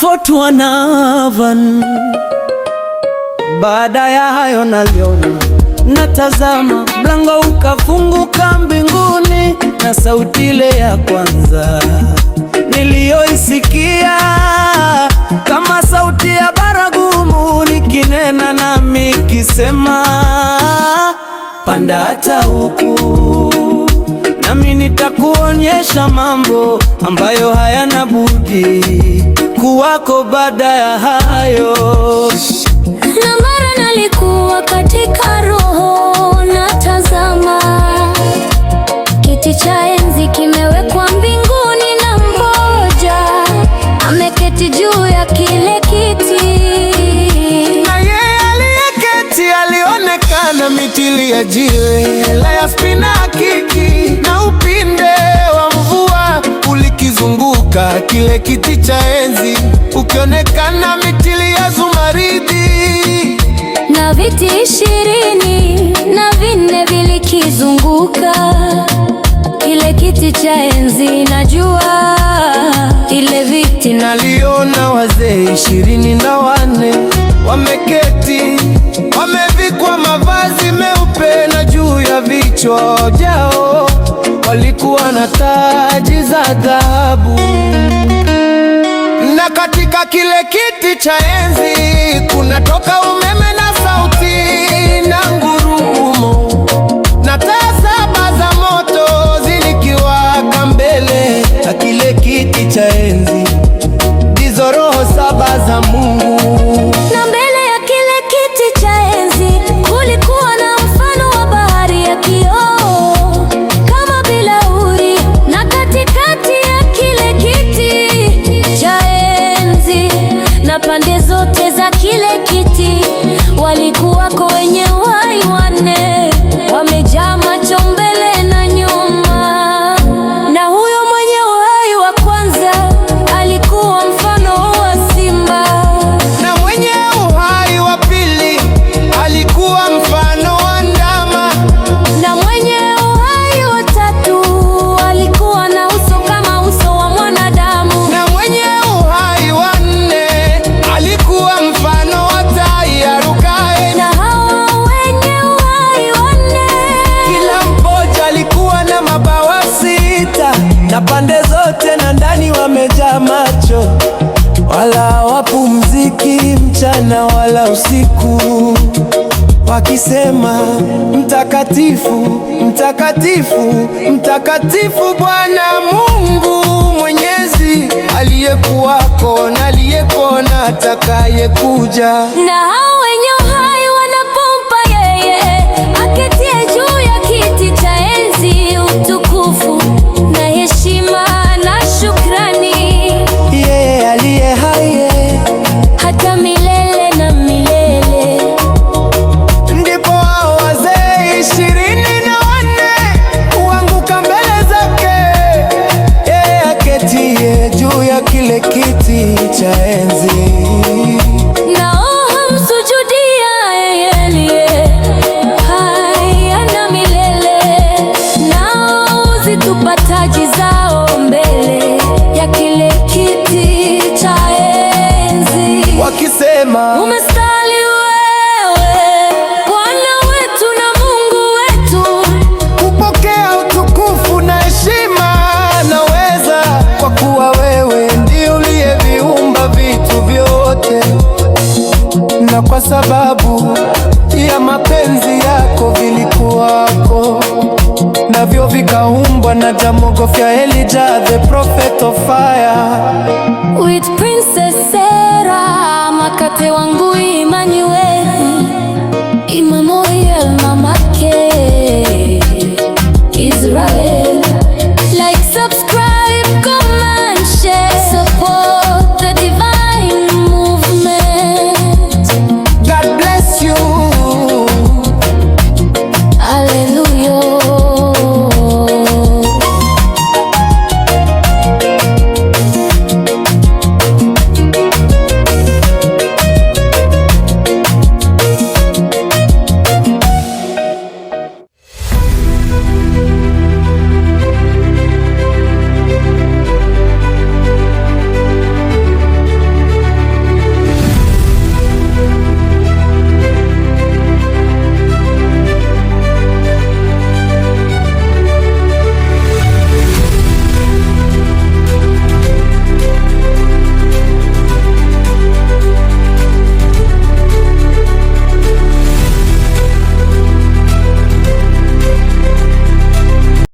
421 baada ya hayo naliona, natazama mlango ukafunguka mbinguni, na sauti ile ya kwanza niliyoisikia kama sauti ya baragumu nikinena nami kisema, panda hata huku nami nitakuonyesha mambo ambayo hayana budi wako baada ya hayo, na mara nalikuwa katika roho natazama, kiti cha enzi kimewekwa mbinguni, na mmoja ameketi juu ya kile kiti, na yeye aliyeketi alionekana mitili ya jiwe la ya spinaki Kaa kile kiti cha enzi, ukionekana mitili ya zumaridi na viti ishirini na vinne vilikizunguka kile kiti cha enzi. Najua ile viti naliona, wazee ishirini na wanne wameketi wamevikwa mavazi meupe na juu ya vichwa vyao walikuwa na taji za dhahabu, na katika kile kiti cha enzi kunatoka umeme na sauti na ngurumo, na taa saba za moto zilikiwaka mbele na kile kiti cha enzi, ndizo roho saba za Mungu na pande zote na ndani wamejaa macho, wala wapumziki mchana wala usiku, wakisema mtakatifu, mtakatifu, mtakatifu Bwana Mungu Mwenyezi, aliyekuwako na aliyeko na atakayekuja na kile kiti cha enzi na milele, nao zao mbele ya kile kiti cha enzi wakisema umestahili kwa sababu ya mapenzi yako vilikuwako, navyo vikaumbwa na jamogofya Elijah the prophet of fire with princess Sarah, makate wangu Immanuel na